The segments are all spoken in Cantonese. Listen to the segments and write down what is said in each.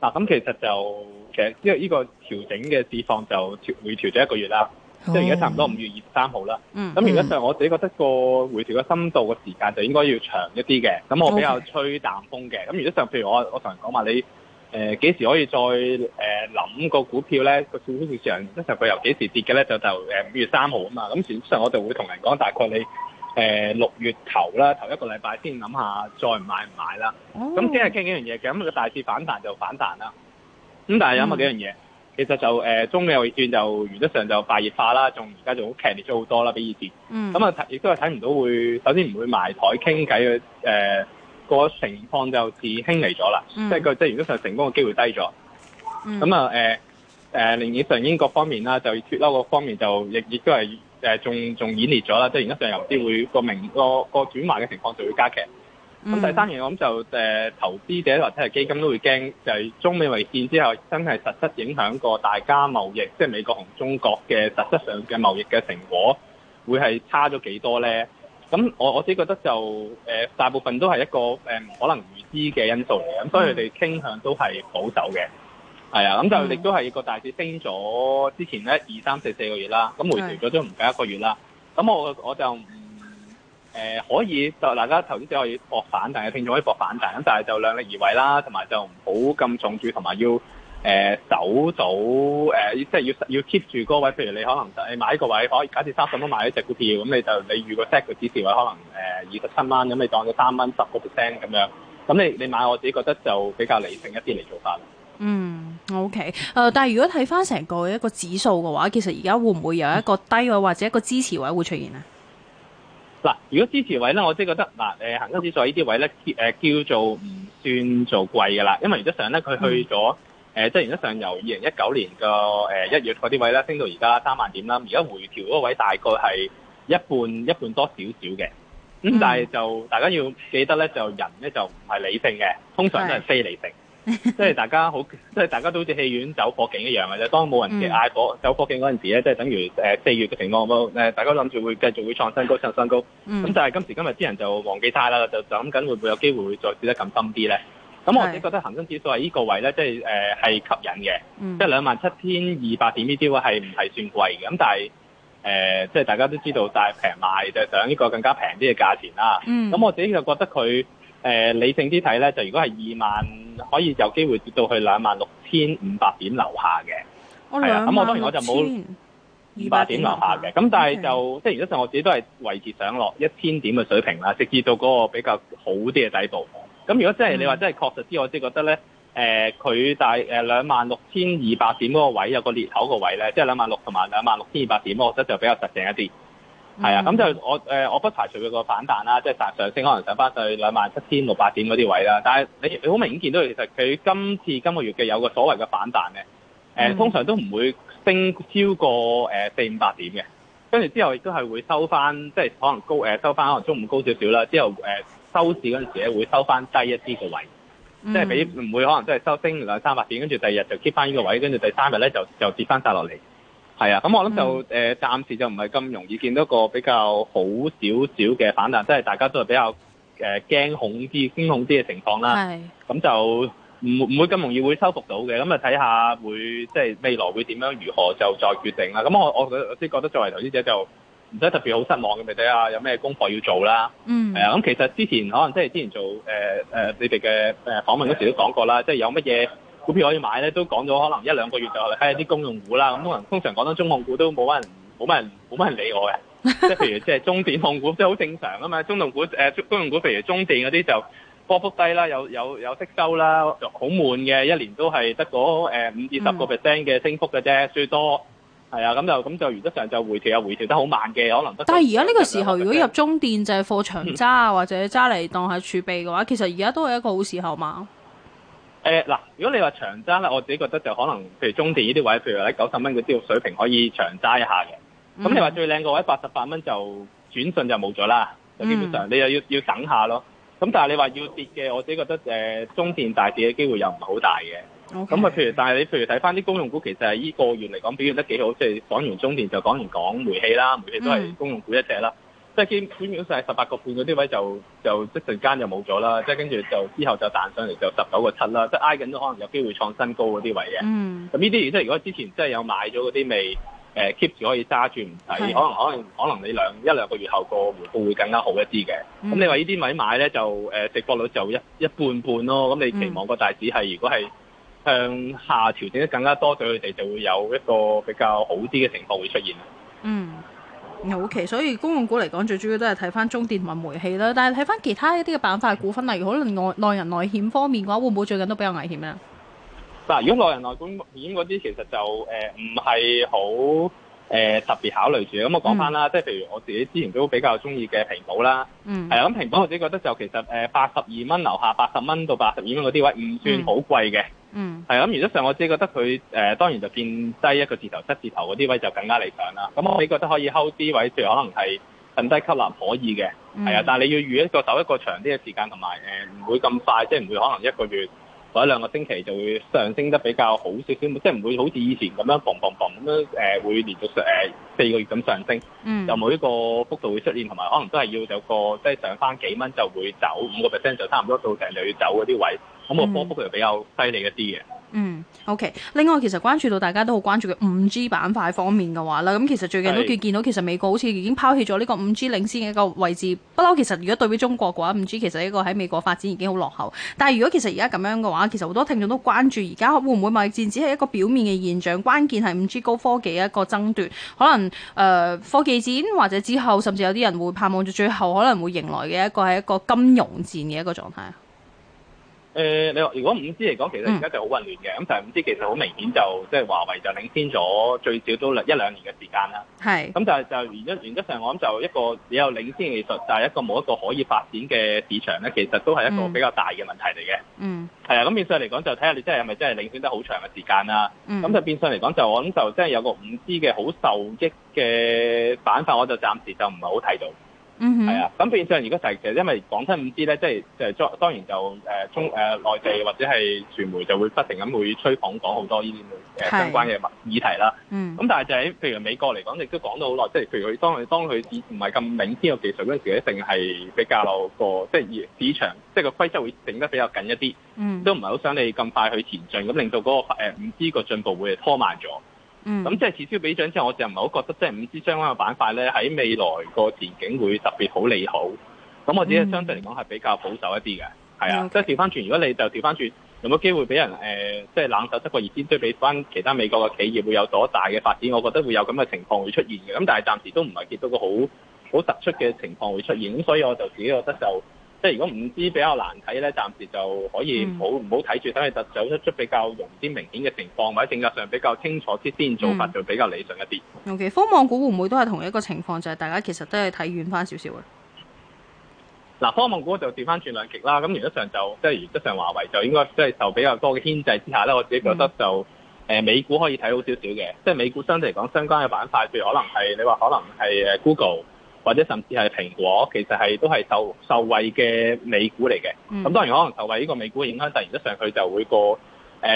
嗱、啊，咁、嗯、其實就其實因為呢個調整嘅市況就調回調咗一個月啦，即係而家差唔多五月二十三號啦。咁如果上我自己覺得個回調嘅深度嘅時間就應該要長一啲嘅，咁我比較吹淡風嘅。咁如果上譬如我我同人講話你誒幾、呃、時可以再誒諗、呃、個股票咧個市況市場，即係佢由幾時跌嘅咧就就五月三號啊嘛，咁事實上我就會同人講大概你。誒、呃、六月頭啦，頭一個禮拜先諗下，再買唔買啦？咁聽日傾幾樣嘢嘅，咁個大市反彈就反彈啦。咁、嗯、但係有冇幾樣嘢？其實就誒、呃、中美段，就原則上就快熱化啦，仲而家仲好劇烈咗好多啦，比以前。咁、嗯、啊，亦都係睇唔到會，首先唔會埋台傾偈嘅誒個情況就似輕微咗啦，即係個即原則上成功嘅機會低咗。咁啊誒誒，另、呃呃、以上英國方面啦，就脫歐個方面就亦亦都係。誒仲仲演烈咗啦，即係而家上游資會會個名個個轉化嘅情況就會加劇。咁第三嘢我諗就誒投資者或者係基金都會驚，就係、是、中美圍戰之後真係實質影響過大家貿易，即、就、係、是、美國同中國嘅實質上嘅貿易嘅成果會係差咗幾多咧？咁我我自己覺得就誒、呃、大部分都係一個誒、呃、可能預知嘅因素嚟嘅，咁所以佢哋傾向都係保守嘅。Mm. 係啊，咁就亦都係個大市升咗之前咧二三四四個月啦，咁回調咗都唔計一個月啦。咁我我就唔誒、呃、可以就大家頭先只可以博反彈嘅聽眾可以博反彈，咁但係就量力而為啦，同埋就唔好咁重注，同埋要誒守到誒，即係要要 keep 住嗰位。譬如你可能誒、哎、買一個位，可以假設三十蚊買一隻股票，咁你就你如果 set 個止損位可能誒二十七蚊，咁、呃、你當咗三蚊十個 percent 咁樣，咁你你買我自己覺得就比較理性一啲嚟做法。嗯。O K，誒，但係如果睇翻成個一個指數嘅話，其實而家會唔會有一個低位或者一個支持位會出現呢？嗱、嗯，如果支持位咧，我即係覺得嗱，誒、呃，恒生指數呢啲位咧，誒，叫做唔算做貴嘅啦。因為原則上咧，佢去咗誒，即係原則上由二零一九年個誒一月嗰啲位咧，升到而家三萬點啦。而家回調嗰位大概係一半一半多少少嘅。咁、嗯嗯、但係就大家要記得咧，就人咧就唔係理性嘅，通常都係非理性。 即係大家好，即係大家都好似戲院走火警一樣嘅啫。當冇人嘅嗌火、嗯、走火警嗰陣時咧，即係等於誒四月嘅情況。誒，大家諗住會繼續會創新高創新高。咁、嗯、但係今時今日啲人就忘記晒啦，就就諗緊會唔會有機會會再跌得咁深啲咧？咁、嗯嗯、我自己覺得恒生指數係呢個位咧、就係呃嗯，即係誒係吸引嘅，即係兩萬七千二百點呢啲位係唔係算貴嘅。咁但係誒即係大家都知道，但係平買就係、想呢個更加平啲嘅價錢啦。咁、嗯、我自己就覺得佢。誒、呃、理性啲睇咧，就如果係二萬，可以有機會跌到去兩萬六千五百點樓下嘅，係、哦、啊，咁、嗯嗯、我當然我就冇二百點樓下嘅，咁、嗯、但係就、okay. 即係如果就我自己都係維持上落一千點嘅水平啦，直至到嗰個比較好啲嘅底部。咁如果即係、嗯、你話真係確實啲，我即係覺得咧，誒、呃、佢大誒兩、呃、萬六千二百點嗰個位有個裂口個位咧，即係兩萬六同埋兩萬六千二百點，我覺得就比較實淨一啲。係、mm-hmm. 啊，咁就我誒、呃，我不排除佢個反彈啦、啊，即係上上升可能上翻去兩萬七千六百點嗰啲位啦、啊。但係你你好明顯見到，其實佢今次今個月嘅有個所謂嘅反彈呢、呃，通常都唔會升超過四五百點嘅，跟住之後亦都係會收翻，即、就、係、是、可能高、呃、收翻可能中午高少少啦，之後誒、呃、收市嗰陣時咧會收翻低一啲個位，即係俾唔會可能即係收升兩三百點，跟住第二日就 keep 翻呢個位，跟住第三日咧就就跌翻曬落嚟。係啊，咁我諗就誒，暫、嗯呃、時就唔係咁容易見到個比較好少少嘅反彈，即係大家都係比較誒驚、呃、恐啲、驚恐啲嘅情況啦。係，咁、嗯、就唔唔會咁容易會收復到嘅，咁啊睇下會即係未來會點樣如何就再決定啦。咁、嗯嗯、我我即係覺得作為投資者就唔使特別好失望嘅，咪睇下有咩功課要做啦。嗯，係啊，咁、嗯、其實之前可能即係之前做誒、呃呃、你哋嘅誒訪問嗰時都講過啦，呃、即係有乜嘢。股票可以買咧，都講咗可能一兩個月就睇吓啲公用股啦。咁通常講到中控股都冇乜人，冇乜人，冇乜人理我嘅。即係譬如即係中電控股，即係好正常啊嘛。中控股、呃、中公用股譬如中電嗰啲就波幅低啦，有有有息收啦，好悶嘅，一年都係得嗰五至十個 percent 嘅升幅嘅啫，最、嗯、多係啊咁就咁就原則上就回調又回調得好慢嘅，可能。得。但係而家呢個時候個、就是，如果入中電就係貨長揸或者揸嚟當係儲備嘅話， 其實而家都係一個好時候嘛。誒、欸、嗱，如果你話長揸咧，我自己覺得就可能，譬如中電呢啲位，譬如喺九十蚊嗰啲水平可以長揸一下嘅。咁、嗯、你話最靚個位八十八蚊就轉瞬就冇咗啦，就基本上、嗯、你又要要等下咯。咁但係你話要跌嘅，我自己覺得誒、呃、中電大跌嘅機會又唔係好大嘅。咁啊，譬如但係你譬如睇翻啲公用股，其實係呢個月嚟講表現得幾好，即係講完中電就講完講煤氣啦，煤氣都係公用股一隻啦。嗯即係基本上係十八個半嗰啲位就就即陣間就就冇咗啦，即係跟住就之後就彈上嚟就十九個七啦，即係挨緊都可能有機會創新高嗰啲位嘅。咁呢啲即係如果之前真係有買咗嗰啲未誒 keep 住可以揸住唔使，可能可能可能你兩一兩個月後個回報會更加好一啲嘅。咁、嗯、你話呢啲位買咧就誒、呃、食波率就一一半半咯。咁你期望個大市係、嗯、如果係向下調整得更加多，對他們，對佢哋就會有一個比較好啲嘅情況會出現。嗯。OK，所以公用股嚟講最主要都係睇翻中電同埋煤氣啦。但係睇翻其他一啲嘅板塊股份，例如可能內人內險方面嘅話，會唔會最近都比較危險啊？嗱，如果內人內保險嗰啲，其實就誒唔係好。呃誒、呃、特別考慮住，咁我講翻啦，即係譬如我自己之前都比較中意嘅平保啦，嗯，係啊，咁平保我自己覺得就其實誒八十二蚊樓下八十蚊到八十二蚊嗰啲位唔算好貴嘅，嗯，嗯啊，咁，原則上我自己覺得佢誒、呃、當然就變低一個字頭、七字頭嗰啲位就更加理想啦。咁、嗯嗯、我亦覺得可以 hold 啲位，譬如可能係近低吸納可以嘅，係、嗯、啊，但你要預一個守一個長啲嘅時間，同埋誒唔會咁快，即係唔會可能一個月。或者兩個星期就會上升得比較好少少，即係唔會好似以前咁樣「嘣嘣嘣」咁樣、呃、會連續上、呃、四個月咁上升，嗯，就每一個幅度會出現，同埋可能都係要有個即係、就是、上翻幾蚊就會走，五個 percent 就差唔多到成就要走嗰啲位，咁、那個波幅佢比較犀利一啲嘅。嗯，OK。另外，其實關注到大家都好關注嘅五 G 板塊方面嘅話啦，咁其實最近都見到其實美國好似已經拋棄咗呢個五 G 領先嘅一個位置。不嬲，其實如果對比中國嘅話，五 G 其實一個喺美國發展已經好落後。但係如果其實而家咁樣嘅話，其實好多聽眾都關注而家會唔會貿易戰只係一個表面嘅現象，關鍵係五 G 高科技一個爭奪。可能誒、呃、科技戰或者之後，甚至有啲人會盼望住最後可能會迎來嘅一個係一個金融戰嘅一個狀態。誒、呃，你如果五 G 嚟講，其實而家就好混亂嘅。咁但係五 G 其實好明顯就即係、就是、華為就領先咗最少都一兩年嘅時間啦。咁咁係就原因，原因上我諗就一個只有領先技術，但係一個冇一個可以發展嘅市場咧，其實都係一個比較大嘅問題嚟嘅。嗯。係啊，咁變相嚟講就睇下你真係係咪真係領先得好長嘅時間啦。咁、嗯、就變相嚟講就我諗就真係有個五 G 嘅好受益嘅板塊我就暫時就唔係好睇到。嗯，係啊，咁變相如果就係其實因為講真五 G 咧，即係即係當當然就誒、呃、中誒、呃、內地或者係傳媒就會不停咁會吹捧講好多呢啲誒相關嘅話議題啦。Mm-hmm. 嗯，咁但係就喺、是、譬如美國嚟講，亦都講到好耐，即係譬如佢當佢當佢唔係咁明顯嘅技術嗰陣時一定係比較落個即係市市場，即係個規則會整得比較緊一啲，嗯、mm-hmm.，都唔係好想你咁快去前進，咁令到嗰個誒五 G 個進步會拖慢咗。嗯，咁即係此消彼長之後，我就唔係好覺得即係五 G 相關嘅板塊咧，喺未來個前景會特別好利好。咁我只係相對嚟講係比較保守一啲嘅，係、嗯、啊，okay. 即係調翻轉，如果你就調翻轉，有冇機會俾人、呃、即係冷手執個熱煎堆，對比翻其他美國嘅企業會有多大嘅發展？我覺得會有咁嘅情況會出現嘅。咁但係暫時都唔係見到個好好突出嘅情況會出現。咁所以我就自己覺得就。即係如果唔知比較難睇咧，暫時就可以唔好睇住等佢特走出出比較容易啲明顯嘅情況，或者政策上比較清楚啲先做法，就比較理想一啲。尤、嗯、其、okay, 科網股會唔會都係同一個情況？就係、是、大家其實都係睇遠翻少少嘅。嗱、啊，科網股就調翻轉兩極啦。咁原則上就即係原則上，華為就應該即係受比較多嘅牽制之下咧。我自己覺得就誒、嗯呃、美股可以睇好少少嘅。即係美股相對嚟講，相關嘅板塊，譬如可能係你話可能係誒 Google。或者甚至係蘋果，其實係都係受受惠嘅美股嚟嘅。咁、嗯、當然可能受惠呢個美股嘅影響，就、呃、原則上佢就會個誒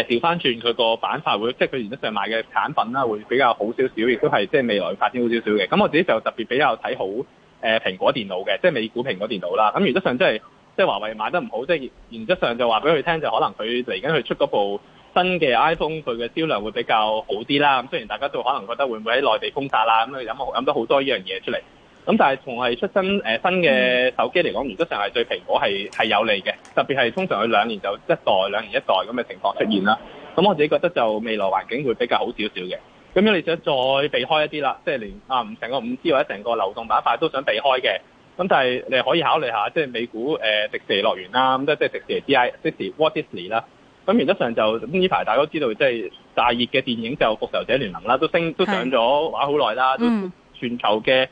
調翻轉佢個板塊，會即係佢原則上買嘅產品啦，會比較好少少，亦都係即係未來發展好少少嘅。咁我自己就特別比較睇好誒、呃、蘋果電腦嘅，即、就、係、是、美股蘋果電腦啦。咁原則上即係即係華為賣得唔好，即係原則上就話俾佢聽，就，是就是、就，就可能佢嚟緊佢出嗰部新嘅 iPhone，佢嘅銷量會比較好啲啦。咁雖然大家都可能覺得會唔會喺內地封殺啦，咁諗諗得好多呢樣嘢出嚟。咁但係仲係出身誒新嘅手機嚟講，原則上係對蘋果係係有利嘅，特別係通常佢兩年就一代、兩年一代咁嘅情況出現啦。咁、嗯嗯、我自己覺得就未來環境會比較好少少嘅。咁如果你想再避開一啲啦，即係連啊成個五 G 或者成個流動板塊都想避開嘅，咁但係你可以考慮下，即係美股誒迪士尼樂園啦，咁即係迪士尼 DI 60, What、嗯、迪士尼 Walt Disney 啦。咁原則上就呢排大家都知道，即係大熱嘅電影就《復仇者聯盟》啦，都升都上咗畫好耐啦，都全球嘅。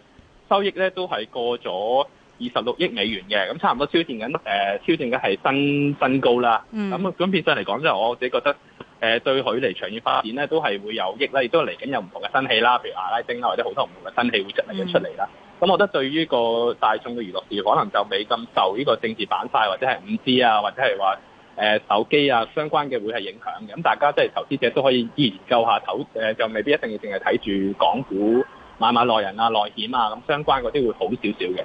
收益咧都係過咗二十六億美元嘅，咁差唔多超戰緊誒，超戰緊係新新高啦。咁、mm. 咁、嗯、變相嚟講咧，我自己覺得誒、呃、對佢嚟長遠發展咧都係會有益啦。亦都嚟緊有唔同嘅新戲啦，譬如阿拉丁啦，或者好多唔同嘅新戲會出嚟嘅出嚟啦。咁、mm. 嗯、我覺得對於個大眾嘅娛樂業可能就未咁受呢個政治板塊或者係五 G 啊或者係話誒手機啊相關嘅會係影響嘅。咁、嗯、大家即係、就是、投資者都可以研究一下投誒、呃，就未必一定要淨係睇住港股。買買內人啊，內險啊，咁相關嗰啲會好少少嘅。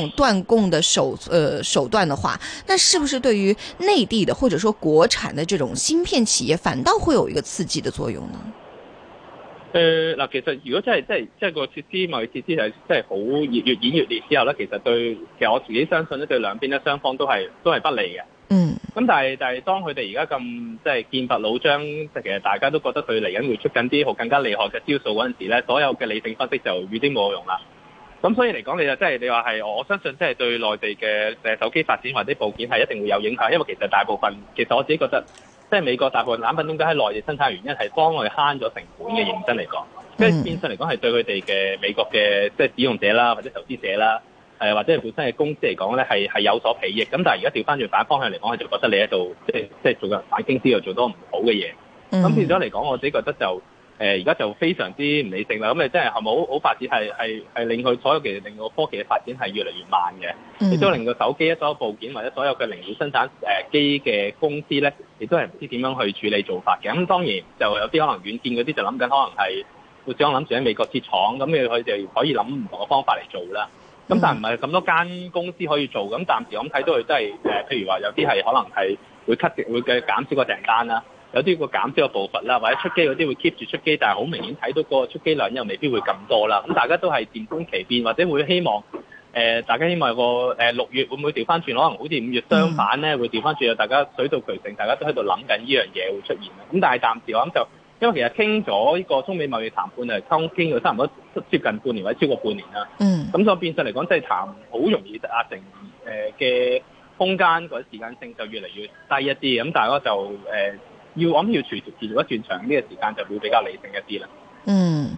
斷供的手，呃手段的話，那是不是對於內地的或者說國產的這種芯片企業，反倒會有一個刺激的作用呢？誒，嗱，其實如果真係即係即係個設施貿易設施係真係好越越演越烈之後咧，其實對其實我自己相信咧，對兩邊咧雙方都係都係不利嘅。嗯。咁但係但係當佢哋而家咁即係劍拔弩張，其實大家都覺得佢嚟緊會出緊啲好更加厲害嘅招數嗰陣時咧，所有嘅理性分析就已經冇用啦。咁所以嚟講，你就即係你話係，我相信即係對內地嘅手機發展或者部件係一定會有影響，因為其實大部分其實我自己覺得，即、就、係、是、美國大部分產品都喺內地生產，原因係幫我哋慳咗成本嘅認真嚟講，跟、mm-hmm. 住變相嚟講係對佢哋嘅美國嘅即係使用者啦，或者投資者啦，或者係本身嘅公司嚟講咧，係有所裨益。咁但係而家調翻轉反方向嚟講，我就覺得你喺度即係即做個反傾又做多唔好嘅嘢。咁變咗嚟講，我自己覺得就。誒而家就非常之唔理性啦，咁、嗯、你真係係冇好發發展係係係令佢所有嘅令個科技嘅發展係越嚟越慢嘅？亦、嗯、都令個手機所有部件或者所有嘅零件生產機嘅公司咧，亦都係唔知點樣去處理做法嘅。咁、嗯、當然就有啲可能軟件嗰啲就諗緊，可能係會想諗住喺美國設廠，咁佢佢哋可以諗唔同嘅方法嚟做啦。咁、嗯嗯、但係唔係咁多間公司可以做？咁、嗯、暫時我睇到佢都係、呃、譬如話有啲係可能係會 cut 會嘅減少個訂單啦。有啲個減少嘅步伐啦，或者出機嗰啲會 keep 住出機，但係好明顯睇到個出機量又未必會咁多啦。咁、嗯、大家都係靜觀其變，或者會希望誒、呃、大家希望個誒、呃、六月會唔會調翻轉，可能好似五月相反咧，會調翻轉啊！大家水到渠成，大家都喺度諗緊呢樣嘢會出現，咁、嗯、但係暫時我諗就因為其實傾咗呢個中美貿易談判啊，當傾咗差唔多接近半年或者超過半年啦。嗯。咁所以變相嚟講，即係談好容易壓成嘅空間嗰啲時間性就越嚟越低一啲，咁、嗯、大家就、呃要我諗要持續持續一段長啲嘅、呢個、時間就會比較理性一啲啦。嗯。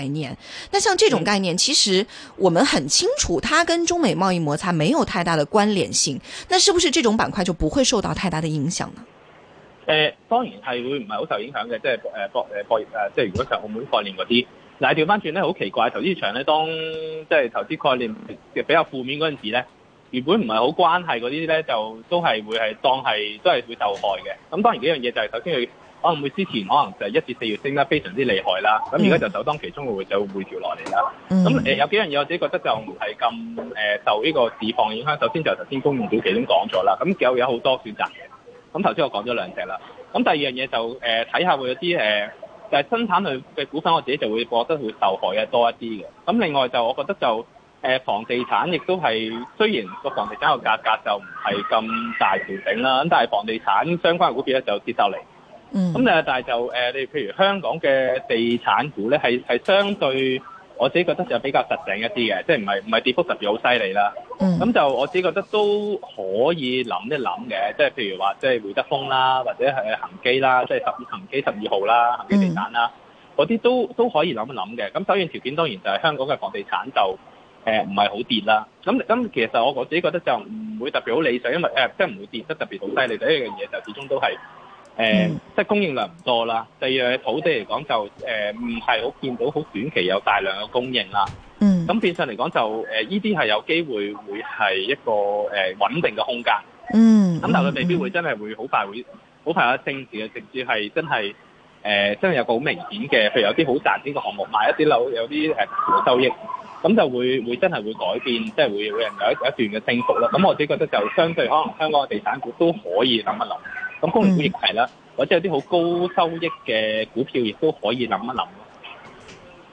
概念，那像這種概念，其實我們很清楚，它跟中美貿易摩擦沒有太大的關聯性。那是不是這種板塊就不會受到太大的影響呢？呃，當然係會唔係好受影響嘅，即係誒博誒博即係如果就澳門概念嗰啲，嗱調翻轉咧，好奇怪，投資場咧當即係投資概念比較負面嗰陣時咧，原本唔係好關係嗰啲咧，就都係會係當係都係會受害嘅。咁當然呢樣嘢就係首先可能會之前可能就係一至四月升得非常之厲害啦，咁而家就首當其衝嘅會就會調落嚟啦。咁誒有幾樣嘢我自己覺得就唔係咁誒受呢個市況影響。首先就頭先公用表其中已經講咗啦，咁就有好多選擇嘅。咁頭先我講咗兩隻啦，咁第二樣嘢就誒睇下會有啲誒就係生產類嘅股份，我自己就會覺得會受害嘅多一啲嘅。咁另外就我覺得就誒房地產亦都係雖然個房地產個價格就唔係咁大調整啦，咁但係房地產相關嘅股票咧就接受嚟。咁、嗯、啊、嗯，但係就誒，你、呃、譬如香港嘅地產股咧，係係相對我自己覺得就比較實淨一啲嘅，即係唔係唔係跌幅特別好犀利啦。咁、嗯、就我自己覺得都可以諗一諗嘅，即、就、係、是、譬如話，即係會德豐啦，或者係恒基啦，即係十恒基十二號啦，恒基地產啦，嗰、嗯、啲都都可以諗一諗嘅。咁首要條件當然就係香港嘅房地產就誒唔係好跌啦。咁咁其實我我自己覺得就唔會特別好理想，因為即係唔會跌得特別好犀利。第一樣嘢就始終都係。誒，即係供應量唔多啦。第二，嘅土地嚟講就誒，唔係好見到好短期有大量嘅供應啦。嗯，咁變相嚟講就誒，呢啲係有機會會係一個誒穩定嘅空間。嗯，咁但係佢未必會真係會好快會好快有升市嘅，甚至係真係誒真係有個好明顯嘅，譬如有啲好賺錢嘅項目買一啲樓，有啲誒收益，咁就會會真係會改變，即係會會有一一段嘅升幅啦。咁我自己覺得就相對可能香港嘅地產股都可以諗一諗。咁工業股亦係啦，或者有啲好高收益嘅股票，亦都可以諗一諗。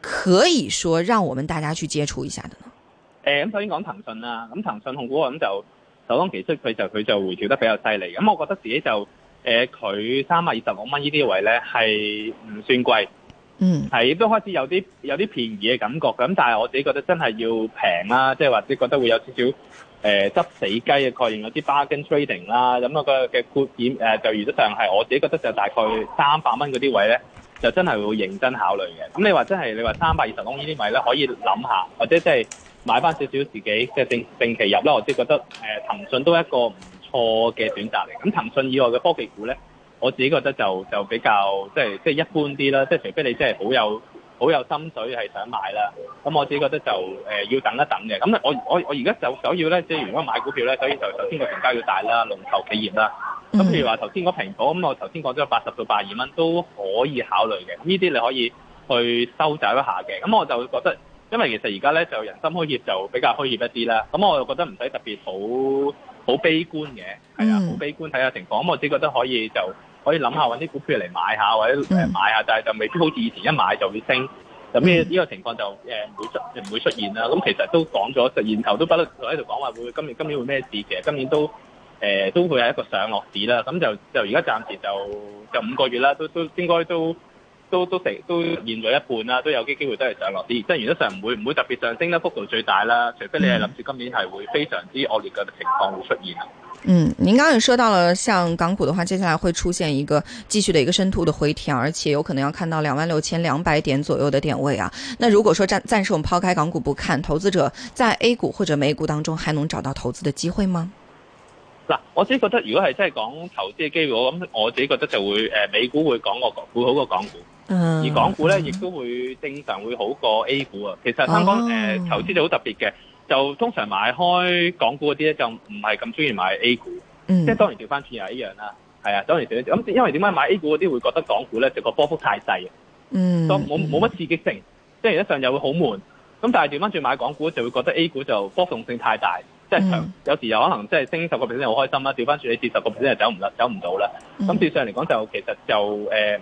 可以說讓我們大家去接觸一下的呢。誒、呃，咁首先講騰訊啦，咁騰訊控股咁就，首當其衝，佢就佢就回調得比較犀利。咁我覺得自己就，誒、呃，佢三百二十六蚊呢啲位咧係唔算貴，嗯，係亦都開始有啲有啲便宜嘅感覺。咁但係我自己覺得真係要平啦，即係或者覺得會有少少誒執死雞嘅概念，有啲 bargain trading 啦、嗯。咁我嘅嘅觀點誒就原則上係，我自己覺得就大概三百蚊嗰啲位咧。就真係會認真考慮嘅。咁你話真係你話三百二十公里呢啲位咧，可以諗下，或者即係買翻少少自己，即係定定期入啦。我即係覺得誒，騰訊都係一個唔錯嘅選擇嚟。咁騰訊以外嘅科技股咧，我自己覺得就就比較即係即係一般啲啦。即係除非你真係好有。好有心水係想買啦，咁我自己覺得就、呃、要等一等嘅。咁我我我而家就想要咧，即係如果買股票咧，所以就首先個成交要大啦，龍頭企業啦。咁譬如話頭先個蘋果，咁我頭先講咗八十到百二蚊都可以考慮嘅，呢啲你可以去收集一下嘅。咁我就覺得，因為其實而家咧就人心虛怯就比較虛怯一啲啦。咁我就覺得唔使特別好好悲觀嘅，係啊，好悲觀睇下情況。咁我自己覺得可以就。可以諗下揾啲股票嚟買下，或者誒買下，但係就未必好似以前一買就會升。咁呢呢個情況就誒唔會出現啦。咁其實都講咗，就現頭都不斷喺度講話會今年今年會咩事。其實今年都誒都會係一個上落市啦。咁就就而家暫時就就五個月啦，都都應該都都都成都現咗一半啦，都有啲機會都係上落市。即係原則上唔會唔會特別上升啦，幅度最大啦。除非你係諗住今年係會非常之惡劣嘅情況會出現。嗯，您剛剛也說到了，像港股的話，接下來會出現一個繼續的一個深度的回調，而且有可能要看到兩萬六千兩百點左右的點位啊。那如果說暫暫時我們拋開港股不看，投資者在 A 股或者美股當中還能找到投資的機會嗎？嗱，我自己覺得如果係真係講投資嘅機會，咁我諗，我自己覺得就會誒、呃、美股會講過會好過港股，嗯而港股呢亦、嗯、都會正常會好過 A 股啊。其實香港誒、哦呃、投資就好特別嘅。就通常買開港股嗰啲咧，就唔係咁中意買 A 股，即係當然調翻轉又係一樣啦。係啊，當然調一調。咁因為點解買 A 股嗰啲會覺得港股咧就個波幅太細，咁冇冇乜刺激性，即係一上又會好悶。咁但係調翻轉買港股就會覺得 A 股就波動性太大，即係有時又可能即係升十個 percent 好開心啦，調翻轉你跌十個 percent 就走唔甩，走唔到啦。咁事實上嚟講就其實就誒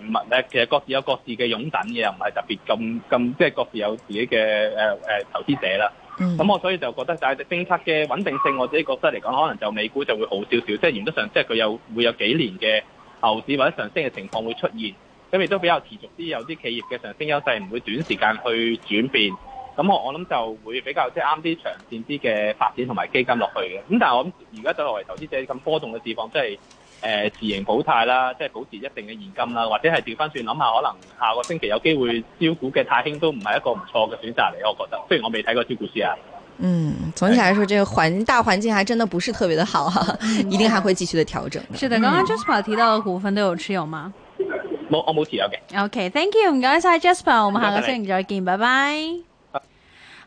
唔係，其實各自有各自嘅擁躉嘅，又唔係特別咁咁，即係各自有自己嘅誒誒投資者啦。咁 我所以就覺得，就係政策嘅穩定性，我自己覺得嚟講，可能就美股就會好少少，即係原則上，即係佢有會有幾年嘅牛市或者上升嘅情況會出現，咁亦都比較持續啲，有啲企業嘅上升優勢唔會短時間去轉變。咁我我諗就會比較即係啱啲長線啲嘅發展同埋基金落去嘅。咁但係我諗而家作為投資者咁波動嘅地方，即係。誒、呃、自營保泰啦，即係保持一定嘅現金啦，或者係調翻轉諗下，可能下個星期有機會招股嘅泰興都唔係一個唔錯嘅選擇嚟，我覺得。雖然我未睇過招股書啊。嗯，總體嚟說，這個環大環境還真的不是特別的好哈、啊 嗯，一定還會繼續的調整。是、嗯、的，剛剛 Jasper 提到嘅股份都有持有嗎？冇， 我冇持有嘅。OK，thank、okay, you，唔該晒 Jasper，我們下個星期再見，拜拜。